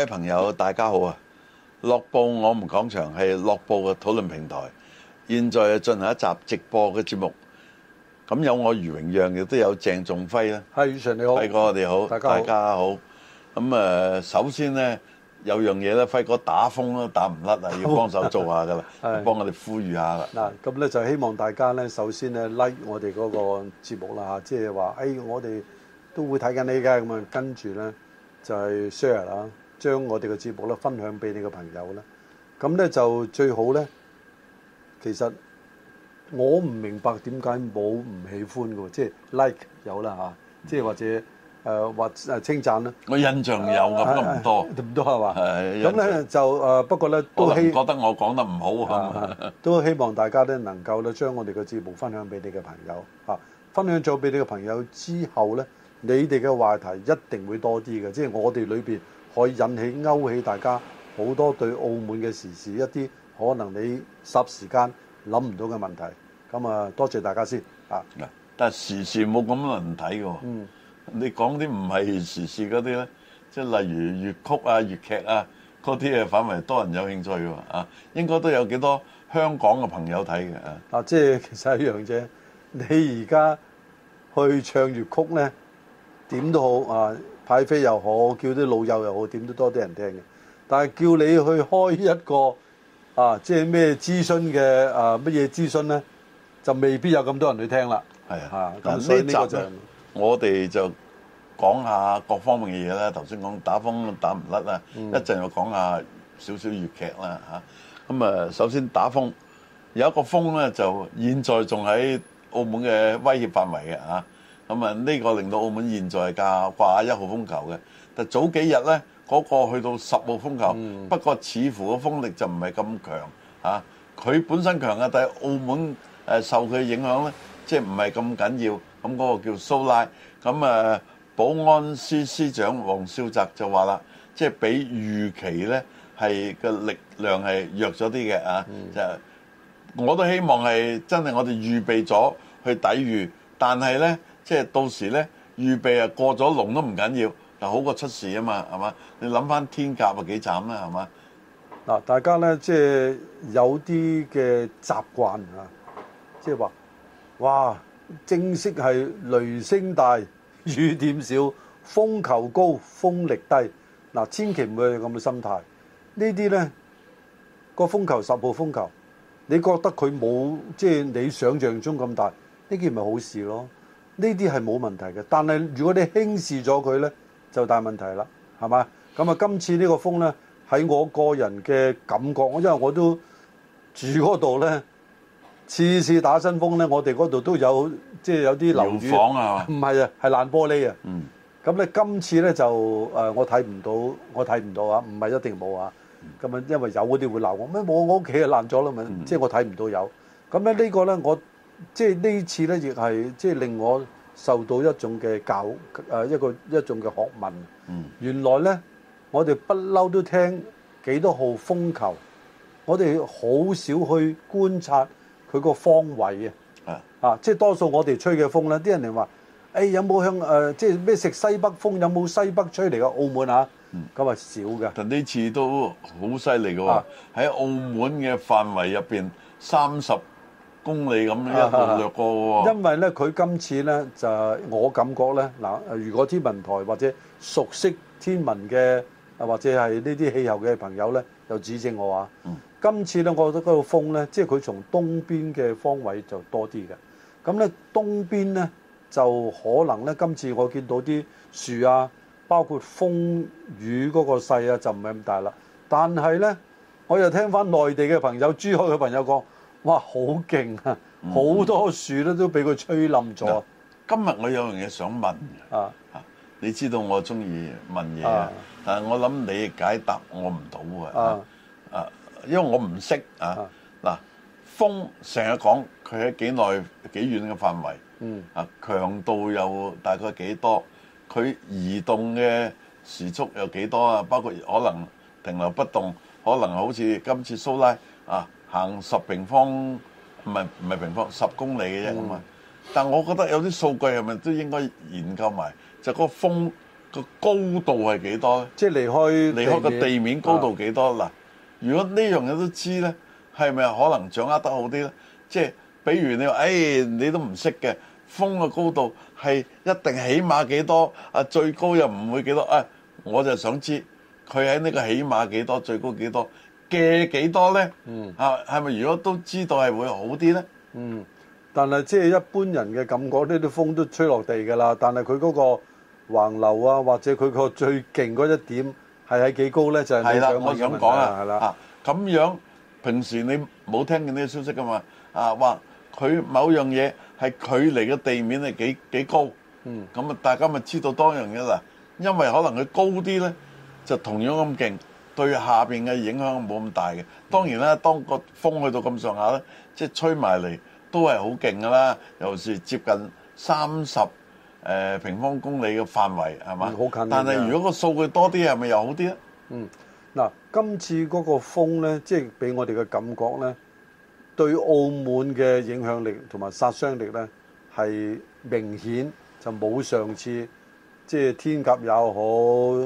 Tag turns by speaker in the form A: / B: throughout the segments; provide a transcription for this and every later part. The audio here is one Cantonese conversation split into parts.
A: 各位朋友，大家好啊！樂報我們講場係樂報嘅討論平台。現在進行一集直播嘅節目。咁有我余榮讓，亦都有鄭仲輝啦。係宇晨你好，輝哥你好，大家好。咁誒、呃，首先咧有樣嘢咧，輝哥打風都打唔甩啊，要幫手做下噶啦，幫我哋呼籲下啦。嗱，
B: 咁咧就希
A: 望大家咧，首
B: 先咧 like 我哋嗰個節目啦，即係話誒，我哋都會睇緊呢噶，咁啊跟住咧就係、是、share 啦。將我哋嘅節目咧分享俾你嘅朋友咧，咁咧就最好咧。其實我唔明白點解冇唔喜歡嘅喎，即係 like 有啦嚇，即係或者誒或誒稱讚咧。
A: 我印象有咁多，唔多，咁多係嘛？咁咧
B: 就誒，不過咧
A: 都希覺得我講得唔好嚇、啊，
B: 都希望大家咧能夠咧將我哋嘅節目分享俾你嘅朋友嚇、啊。分享咗俾你嘅朋友之後咧，你哋嘅話題一定會多啲嘅，即係我哋裏邊。可以引起，勾起大家好多對澳門嘅時事，一啲可能你霎時間諗唔到嘅問題，咁啊多謝大家先
A: 嚇。嗱，但時事冇咁多人睇嘅喎。嗯。你講啲唔係時事嗰啲咧，即係例如粵曲啊、粵劇啊嗰啲啊，反為多人有興趣嘅喎啊，應該都有幾多香港嘅朋友睇嘅啊，啊。啊，即係其實一樣啫。
B: 你而家去唱粵曲咧，點都好啊。派飛又好，叫啲老友又好，點都多啲人聽嘅。但係叫你去開一個啊，即係咩諮詢嘅啊，乜嘢諮詢咧，就未必有
A: 咁多人去聽啦。咁、啊、所以呢個、就係、我哋就講下各方面嘅嘢啦。頭先講打風打唔甩啦，一、嗯、陣又講下少少粵劇啦嚇，咁啊，首先打風有一個風咧，就現在仲喺澳門嘅威脅範圍嘅嚇。咁啊，呢個令到澳門現在係掛一號風球嘅。但早幾日咧，嗰個去到十號風球，不過似乎個風力就唔係咁強嚇。佢本身強嘅，但係澳門誒受佢影響咧，即係唔係咁緊要。咁嗰個叫蘇拉。咁啊，保安司司長黃少澤就話啦，即係比預期咧係個力量係弱咗啲嘅啊。就我都希望係真係我哋預備咗去抵禦，但係咧。即係到時咧，預備啊過咗龍都唔緊要，就好過出事啊嘛，係嘛？你諗翻天甲啊幾慘啦，係嘛？嗱，大
B: 家咧即係有啲嘅習慣啊，即係話，哇！正式係雷聲大，雨點少，風球高，風力低。嗱，千祈唔會有咁嘅心態。呢啲咧，個風球，十號風球，你覺得佢冇即係你想象中咁大，呢件咪好事咯？呢啲係冇問題嘅，但係如果你輕視咗佢呢，就大問題啦，係嘛？咁啊，今次呢個風呢，喺我個人嘅感覺，因為我都住嗰度呢，次次打新風呢，我哋嗰度都有即係、就是、有啲流房，唔係啊，係爛玻璃啊。咁咧，今次呢，就誒，我睇唔到，我睇唔到啊，唔係一定冇啊。咁啊，因為有嗰啲會鬧我咩我屋企啊爛咗啦，咪即係我睇唔到有。咁咧呢個呢，我。即係呢次呢，亦係即係令我受到一種嘅教，誒一個一種嘅學問、嗯。原來呢，我哋不嬲都聽幾多號風球，我哋好少去觀察佢個方位啊。啊，即係多數我哋吹嘅風呢，啲人哋話：誒、哎、有冇向、呃、即係咩食西北風？有冇
A: 西北吹嚟嘅澳門啊？咁、嗯、啊少嘅。但呢次都好犀利嘅喎，喺、啊、澳門嘅範圍入面。三十……公里咁樣冇掠過喎，因
B: 為咧佢今次咧就我感覺咧嗱，如果天文台或者熟悉天文嘅啊或者係呢啲氣候嘅朋友咧，就指正我啊。今次咧，我覺得嗰個風咧，即係佢從東邊嘅方位就多啲嘅。咁咧東邊咧就可能咧今次我見到啲樹啊，包括風雨嗰個勢啊，就唔係咁大啦。但係咧，我又聽翻內地嘅朋友，珠海嘅朋友講。哇，好勁啊！好、嗯、多樹
A: 咧都俾佢吹冧咗。今日我有樣嘢想問嘅。啊，你知道我鍾意問嘢，啊，但係我諗你解答我唔到啊，啊，因為我唔識啊。嗱、啊，風成日講佢喺幾耐、幾遠嘅範圍。嗯。啊，強度有大概幾多？佢移動嘅時速有幾多啊？包括可能停留不動，可能好似今次蘇拉啊。行十平方，唔係，唔係平方十公里嘅啫咁嘛。但係我覺得有啲數據係咪都應該研究埋，就個風個高度係幾多咧？即係離開離開個地面高度幾多嗱？嗯、如果呢樣嘢都知咧，係咪可能掌握得好啲咧？即、就、係、是、比如你話，誒、哎、你都唔識嘅風嘅高度係一定起碼幾多啊？最高又唔會幾多啊、哎？我就想知佢喺呢個起碼幾多，最高幾多？嘅幾多咧？嗯，啊，係咪如果都知道係會好啲咧？嗯，但係即
B: 係一般人嘅感覺咧，呢啲風都吹落地㗎啦。但係佢嗰個橫流啊，或者佢個最勁嗰一點係喺幾高咧？就係你想問嘅問題啦。係啦，
A: 咁樣平時你冇聽見呢個消息㗎嘛？啊，話佢某樣嘢係距離嘅地面係幾幾高？嗯，咁啊，大家咪知道多樣嘢啦。因為可能佢高啲咧，就同樣咁勁。對下面嘅影響冇咁大嘅，當然啦，當個風去到咁上下呢，即係吹埋嚟都係好勁㗎喇，尤其是接近三十誒平方公里嘅範圍係嘛？好近。但係如果個數據多啲係咪又好啲呢？嗯，嗱，今次嗰個風呢，
B: 即係俾我哋嘅感覺呢，對澳門嘅影響力同埋殺傷力呢，係明顯就冇上次。即係天鴿也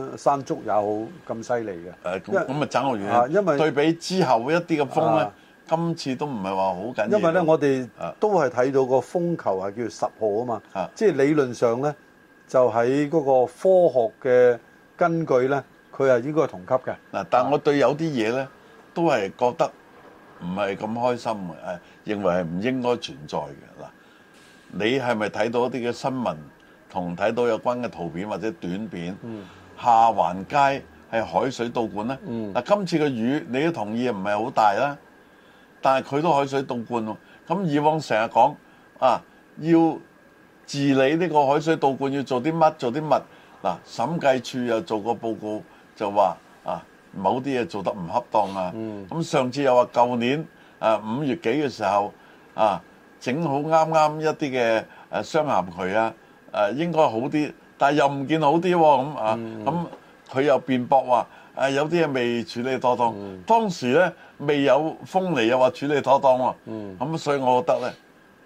B: 好，山竹也好咁犀利嘅。
A: 誒咁咁啊，真好遠啊！因為，因為對比之後一啲嘅風咧、啊，今次都唔係話好緊要。因為咧，我哋都係睇到個
B: 風球係叫十號啊嘛。啊，即係理論上咧，就喺、是、嗰個科學
A: 嘅根據咧，佢係應該係同級嘅。嗱、啊，但係我對有啲嘢咧，都係覺得唔係咁開心嘅，認為係唔應該存在嘅。嗱，你係咪睇到一啲嘅新聞？同睇到有關嘅圖片或者短片，下環街係海水倒灌咧。嗱、嗯啊，今次嘅雨你都同意唔係好大啦，但係佢都海水倒灌喎。咁以往成日講啊，要治理呢個海水倒灌要做啲乜？做啲乜？嗱、啊，審計署又做個報告就話啊，某啲嘢做得唔恰當啊。咁、嗯啊、上次又話舊年啊五月幾嘅時候啊，整好啱啱一啲嘅箱涵渠啊。誒應該好啲，但係又唔見好啲喎咁啊！咁、嗯、佢、嗯啊、又辯駁話誒有啲嘢未處理妥當，嗯、當時咧未有風嚟又話處理妥當，嗯咁、啊、所以我覺得咧，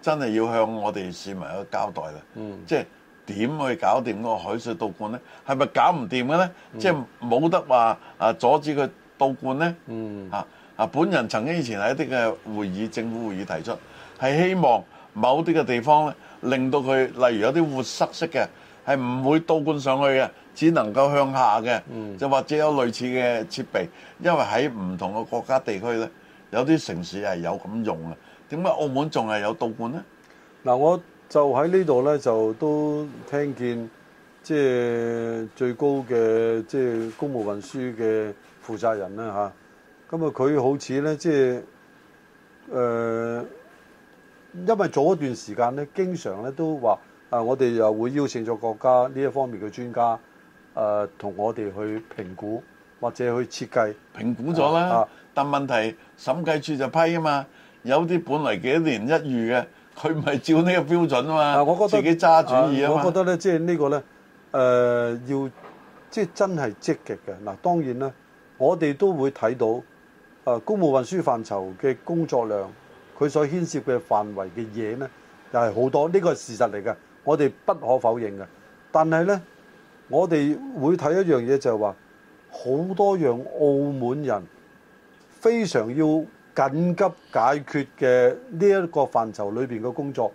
A: 真係要向我哋市民去交代啦、嗯。即係點去搞掂個海水倒灌咧？係咪搞唔掂嘅咧？即係冇得話啊阻止佢倒灌咧？啊、嗯、啊！本人曾經以前喺一啲嘅會議，政府會議提出係希望某啲嘅地方咧。令到佢例如有啲活塞式嘅係唔會倒灌上去嘅，只能夠向下嘅，就或者有類似嘅設備。因為喺唔同嘅國家地區咧，有啲城市係有咁用啊。點解澳門仲係有倒灌咧？嗱，我就喺呢度咧，就都聽見即係最
B: 高嘅即係公務運輸嘅負責人咧吓。咁啊，佢好似咧即係誒。因為早一段時間咧，經常咧都話，我哋又會邀請咗國家呢一方面嘅專家，
A: 同、呃、我哋去評估或者去設計，評估咗啦、啊。但問題審計處就批啊嘛，有啲本嚟幾年一遇嘅，佢唔係照呢個標準嘛啊嘛，自己揸主意啊我覺得
B: 咧，即係呢個咧、呃，要即係真係積極嘅。嗱、啊，當然呢，我哋都會睇到誒、啊、公務運輸範疇嘅工作量。佢所牽涉嘅範圍嘅嘢呢，又係好多，呢個係事實嚟嘅，我哋不可否認嘅。但係呢，我哋會睇一樣嘢，就係話好多樣澳門人非常要緊急解決嘅呢一個範疇裏邊嘅工作，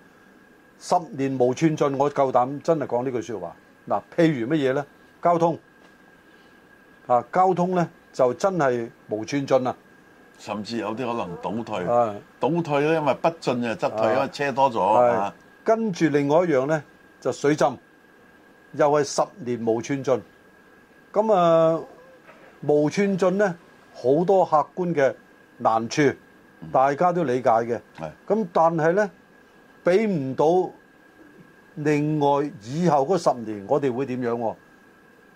B: 十年無寸進，我夠膽真係講呢句説話。嗱，譬如乜嘢呢？交通
A: 啊，交通呢就真係無寸進啊！甚至有啲可能倒退，倒退咧，因為不進就則退，因為車多咗。
B: 跟住另外一樣咧，就水浸，又係十年無寸進。咁啊，無寸進咧，好多客觀嘅難處，大家都理解嘅。咁但係咧，俾唔到另外以後嗰十年，我哋會點樣？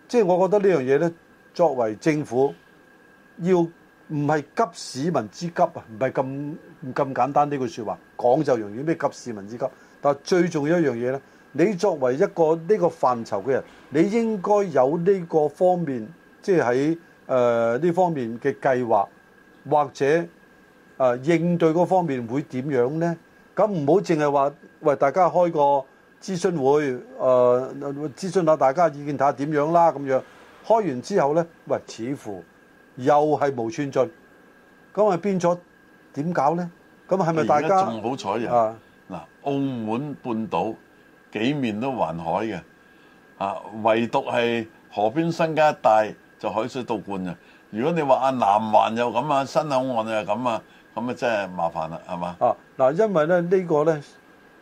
B: 即係我覺得呢樣嘢咧，作為政府要。唔係急市民之急啊，唔係咁咁簡單，呢句説話講就容易咩急市民之急。但係最重要的一樣嘢呢，你作為一個呢、呢個範疇嘅人，你應該有呢個方面，即係喺誒呢方面嘅計劃，或者誒、呃、應對嗰方面會點樣呢？咁唔好淨係話喂，大家開個諮詢會，誒、呃、諮詢下大家意見睇下點樣啦咁樣。開完之後呢，喂，似乎。又係無寸進，咁啊變咗點搞咧？咁係咪大家？而家仲好彩呀！
A: 嗱，澳門半島幾面都環海嘅，啊，唯獨係河邊新街一帶就海水倒灌呀！如果你話阿南環又咁啊，新口岸又咁啊，咁啊真係麻煩啦，係嘛？
B: 啊，嗱，因為咧呢個咧，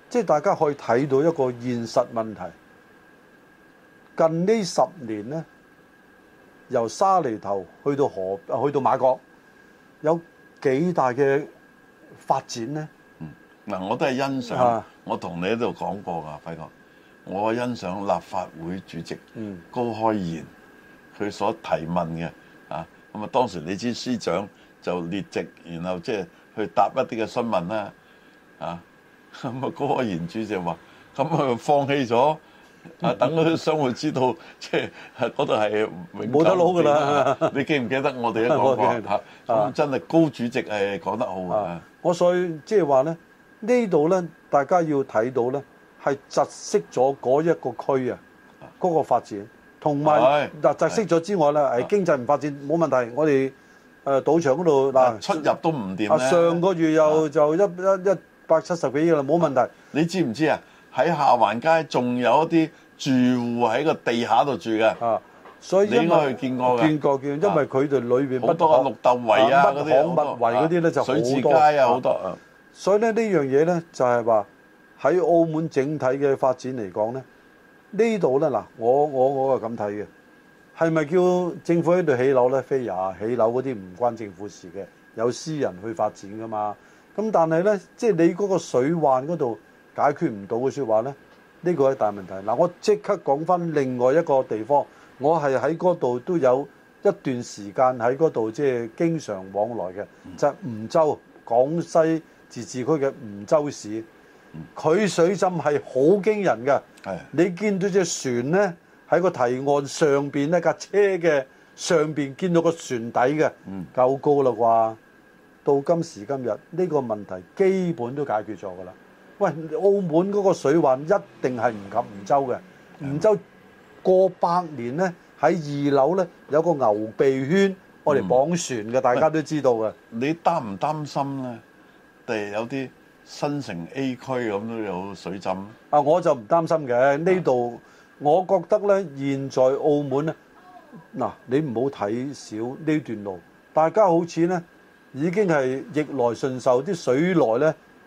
B: 即係大家可以睇到一個現實問題。近呢十年咧。由沙梨頭去到河，去到馬國，有幾大嘅發展呢？嗯，
A: 嗱，我都係欣賞。我同你喺度講過噶，輝哥，我欣賞立法會主席高開賢，佢所提問嘅，啊，咁啊，當時你知司長就列席，然後即係去答一啲嘅詢問啦。啊，咁啊，高開賢主席話，咁啊放棄咗。啊、嗯！等啲商戶知道，即係嗰度係永冇得攞噶啦！你記唔記得我哋嘅講法咁、 okay。啊、真係高主席係講得好的，啊、
B: 我所以即係話咧，這裡呢度咧，大家要睇到咧，係窒息咗嗰一個區啊，嗰、那個發展同埋嗱窒息咗之外咧，係、啊啊、經濟唔發展冇問題。我哋誒賭場嗰度嗱出
A: 入都唔掂咧。上
B: 個月又就一一一百七十幾億啦，冇問題。啊、你知唔
A: 知啊？喺下環街仲有一啲住戶喺個地下度住嘅，所以應該去見過嘅。見
B: 過見，因為佢哋裏邊好多綠豆圍啊，嗰啲好就水池街啊，好多啊。所以咧呢樣嘢咧就係話喺澳門整體嘅發展嚟講咧，呢度咧嗱，我我我係咁睇嘅，係咪叫政府喺度起樓咧？非也，起樓嗰啲唔關政府的事嘅，有私人去發展噶嘛。咁但係咧，即係你嗰個水患嗰度。解決唔到嘅説話呢，呢、這個係大問題。嗱、啊，我即刻講翻另外一個地方，我係喺嗰度都有一段時間喺嗰度，即、就、係、是、經常往來嘅，就係、是、梧州廣西自治區嘅梧州市，佢水浸係好驚人嘅。你見到隻船呢，喺個堤岸上邊一架車嘅上邊見到個船底嘅，夠高啦啩？到今時今日呢、這個問題基本都解決咗㗎啦。，喂，澳門嗰個水患一定係唔及梧州嘅。梧州過百年呢，喺二樓呢，有個牛鼻圈，我哋綁船嘅，嗯、大家都知道
A: 嘅。你擔唔擔心呢？定係
B: 有啲新城 mm. mm. A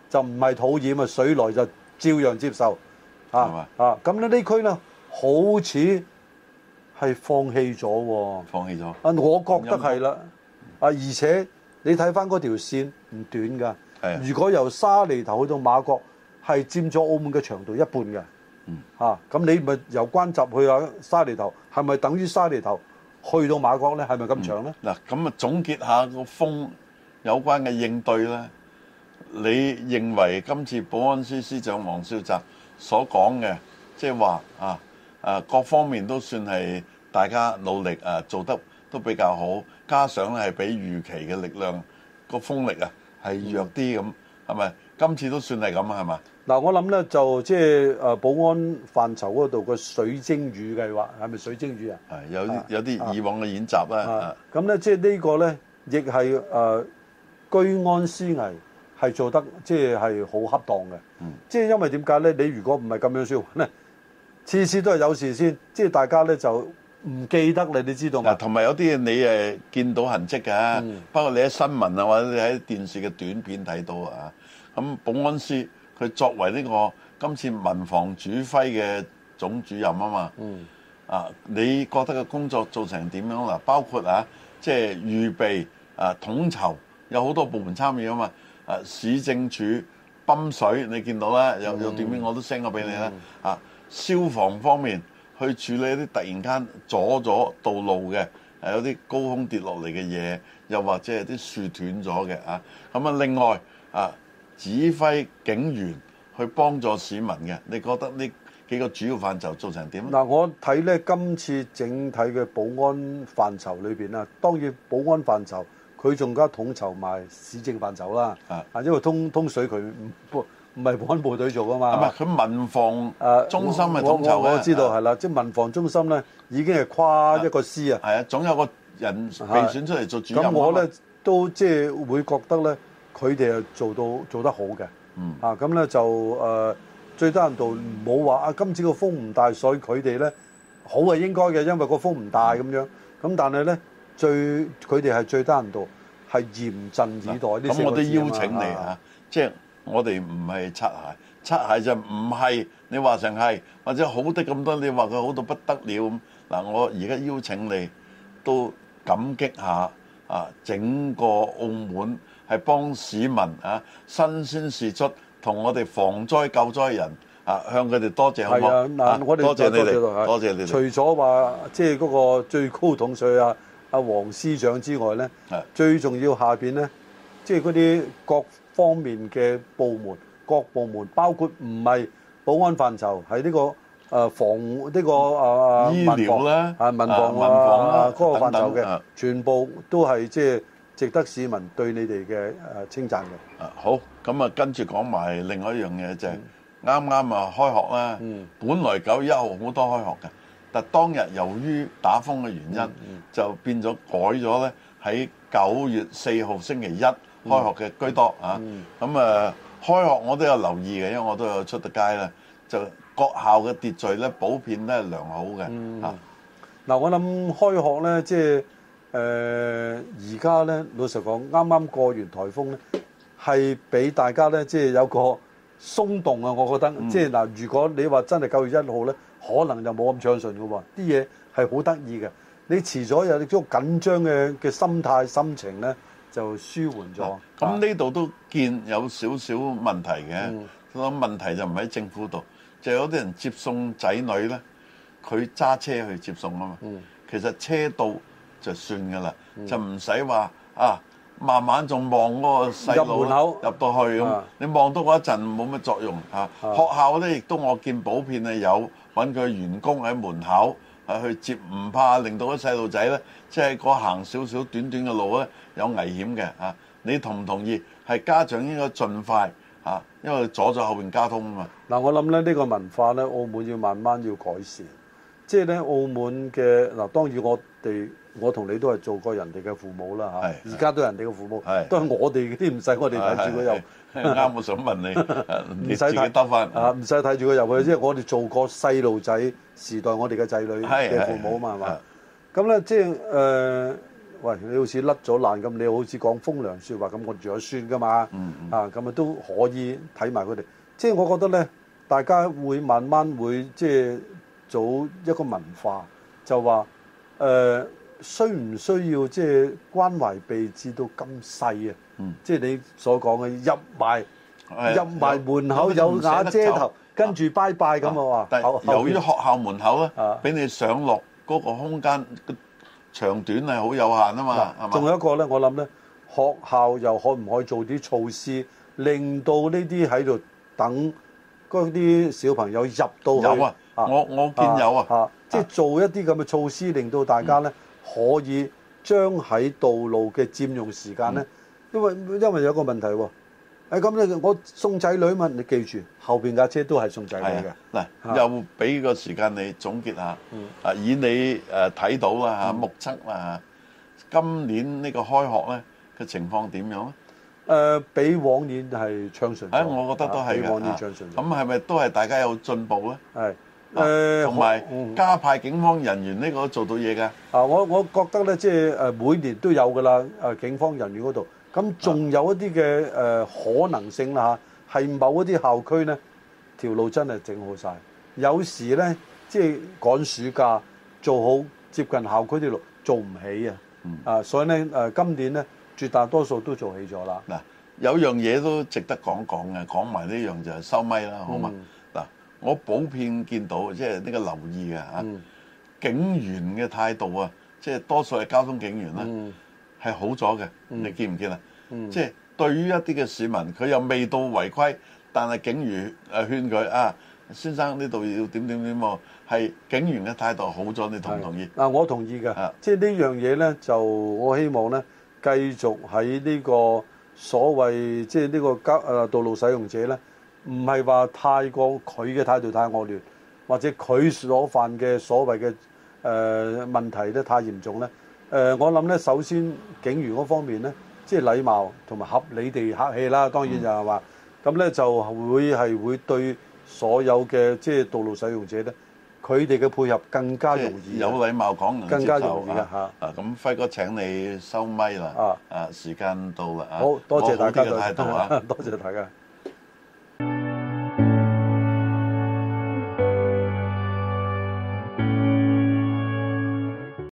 B: 就唔係土染啊，水來就照樣接受，嚇嚇咁咧呢區呢，好似係放棄咗、啊、放棄咗啊！我覺得係啦，而且你睇返嗰條線唔短㗎，如果由沙梨頭去到媽閣係佔咗澳門嘅長度一半嘅，嗯嚇咁、啊、你咪由關閘去啊沙梨頭係咪等於
A: 沙梨頭去到媽閣呢係咪咁長呢？嗱咁啊總結下個風有關嘅應對呢。你認為今次保安司司長黃少澤所講嘅，即係話啊啊各方面都算係大家努力啊做得都比較好，加上咧係比預期嘅力量個風力啊係弱啲咁，係、嗯、咪今次都算係咁啊？係嘛？嗱，我諗咧就
B: 即係啊保安範疇嗰度個水晶魚計劃係咪水晶魚啊？係有啲有啲以往嘅演習啦、啊。咁、啊、咧、啊啊啊嗯嗯、即係呢個咧亦係啊、呃、居安思危。係做得即係好恰當嘅、嗯，即係因為點解咧？你如果唔係咁樣做咧，次次都係有事先，即係大家咧就唔
A: 記得你，你知道嘛？同埋有啲嘢你誒見到痕跡嘅、啊嗯，包括你喺新聞啊或者你喺電視嘅短片睇到啊。咁保安司佢作為呢個今次民防指揮嘅總主任啊嘛，嗯、啊，你覺得個工作做成點樣嗱、啊？包括啊，即係預備啊，統籌有好多部門參與啊嘛。市政署泵水，你見到啦？又又點樣？我都 send 俾你啦、嗯。消防方面去處理一啲突然間阻咗道路嘅，有啲高空跌落嚟嘅嘢，又或者係啲樹斷咗嘅啊。咁啊，另外啊，指揮警員去幫助市民嘅，你覺得呢幾個主要範疇做成點？
B: 嗱、嗯，我睇呢今次整體嘅保安範疇裏邊啊，當然保安範疇。佢仲加統籌埋市政範疇啦，啊，因為通通水佢唔係保安部隊做噶嘛，咁佢民防中心咪、啊、統籌我我知道係啦，即係民防中心咧已經係跨
A: 一個司啊，係啊，總有個人被選出嚟做主任。咁我咧
B: 都即係會覺得咧，佢哋係做到做得好嘅，嗯、啊咁咧就誒、呃、最低限度唔好話啊，今次個風唔大，所以佢哋咧好係應該嘅，因為個風唔大咁、嗯、樣，咁但係咧。最佢哋係最低限度道，係嚴陣以待啲。咁、啊啊、我都邀請你啊！即、啊、
A: 係、就是、我哋唔係擦鞋，擦鞋就唔係你話成係，或者好的咁多，你話佢好到不得了咁。嗱、啊，我而家邀請你都感激下啊！整個澳門係幫市民啊，新鮮事出同我哋防災救災人啊，向佢哋多謝我哋多謝你哋，多謝你哋。除
B: 咗話即係嗰個最高統帥啊！阿黃司長之外咧，最重要下邊咧，即係嗰啲各方面嘅部門，各部門包括唔係保安範疇，係呢個誒防呢、呢個誒醫療咧，啊民防啊，嗰、啊啊嗰個範疇嘅，全部都係即係值得市民對你哋
A: 嘅誒稱讚嘅、啊。啊好，咁啊跟住講埋另外一樣嘢就係啱啱啊開學啦、嗯，本來九一號好多開學嘅。但當日由於打風嘅原因、嗯嗯，就變咗改咗咧。喺九月四號星期一開學嘅居多、嗯嗯嗯、啊。咁誒開學我都有留意嘅，因為我都有出得街啦。就各校嘅秩序咧，普遍咧良好嘅嚇。嗱、嗯啊嗯，我諗
B: 開學咧，即係誒而家咧，老實講，啱啱過完颱風咧，係俾大家咧，即、就、係、係、有個鬆動啊。我覺得，即係嗱，如果你話真係九月一號咧，可能就冇咁暢順嘅喎，啲嘢係好得意嘅。你遲咗有啲緊張嘅嘅心態心情咧，就舒緩咗。
A: 咁呢度都見有少少問題嘅，咁、嗯、問題就唔喺政府度，就是、有啲人接送仔女咧，佢揸車去接送啊嘛、嗯。其實車到就算噶啦，就唔使話啊。慢慢仲望嗰個細路入門口，入到去咁、啊，你望多嗰一陣冇乜作用、啊啊、學校呢亦都我見普遍係有揾佢員工喺門口啊去接，唔怕令到啲細路仔呢，即係個行少少短短嘅路呢，有危險嘅、啊、你同唔同意？係家長應該盡快、啊、因為阻咗後面交通啊嘛。嗱，我諗
B: 呢呢個文化呢，澳門要慢慢要改善。即係咧，澳門嘅嗱，當然我哋我同你都係做過人哋嘅父母啦嚇，而家都係人哋嘅父母，都係我哋啲唔使我哋睇住佢遊，啱，我
A: 想問你，唔使睇多翻，啊，唔
B: 使睇住佢遊嘅，因、嗯、為我哋做過細路仔時代，我哋嘅仔女嘅父母啊嘛，係嘛、嗯。咁咧，即係誒、呃，喂，你好似甩咗難咁，你好似講風涼説話咁，我住咗孫㗎嘛，嗯嗯啊，咁啊都可以睇埋佢哋。即係我覺得咧，大家會慢慢會即係。做一個文化就話誒、呃，需唔需要即係關懷備至到咁細啊？嗯，
A: 即係你所講嘅入埋入埋門口、嗯、有瓦遮頭，啊、跟住拜拜
B: 咁啊！話、啊、由於學校門口咧，俾、
A: 啊、你上落嗰個空間嘅長短係好有限啊嘛，係嘛，仲有一個咧，我諗咧，學校又
B: 可唔可以做啲措施，令到呢啲喺度等？嗰啲小朋友入到去有啊！啊我我見有啊！啊啊即係做一啲咁嘅措施，令、啊、到大家咧可以將喺道路嘅佔用時間咧、嗯，因為因為有個問題喎。咁、哎、咧，我送仔女問你記住後面架車都係送
A: 仔女嘅。嗱、啊啊，又俾個時間你總結下。啊、嗯，以你睇到啦，目測啦，今年呢個開學咧嘅情況點樣？誒比往年係暢順，我覺得都係比往年暢順。咁係咪都係大家有進步咧？係、同埋、啊呃嗯、加派警方人員呢個都做到嘢嘅。
B: 啊，我我覺得咧，即、就、係、是、每年都有㗎啦、啊。警方人員嗰度，咁仲有一啲嘅、啊呃、可能性啦嚇，係某一啲校區咧條路真係整好晒。有時咧即係趕暑假，做好接近
A: 校區條路做唔起啊、嗯。啊，所以咧、呃、今年咧。絕大多數都做起咗啦。嗱，有樣嘢都值得講講嘅，講埋呢樣就收咪啦，好嘛？嗱、嗯，我普遍見到即係呢個留意嘅、嗯、警員嘅態度啊，即、就、係、是、多數係交通警員啦，係、嗯、好咗嘅、嗯。你見唔見啊？即、嗯、係、就是、對於一啲嘅市民，佢又未到違規，但係警員誒勸佢啊，先生呢度要點點點喎，係警員嘅態度好咗，你同唔同意？嗱，我同意嘅，
B: 即係呢樣嘢咧，就我希望咧。繼續喺呢個所謂即係呢個急誒道路使用者咧，唔係話太過佢嘅態度太惡劣，或者佢所犯嘅所謂嘅誒、呃、問題咧太嚴重咧。誒、呃，我諗咧，首先警員嗰方面咧，即係禮貌同埋合理地客氣啦。當然就係話咁咧，就會係會對所有嘅即係道路使用者咧。佢哋嘅配合更加容易，有禮
A: 貌講人更加容易啊！啊咁，輝哥請你收咪啦！啊時間到啦！好，多好，多謝大家，多謝大家。啊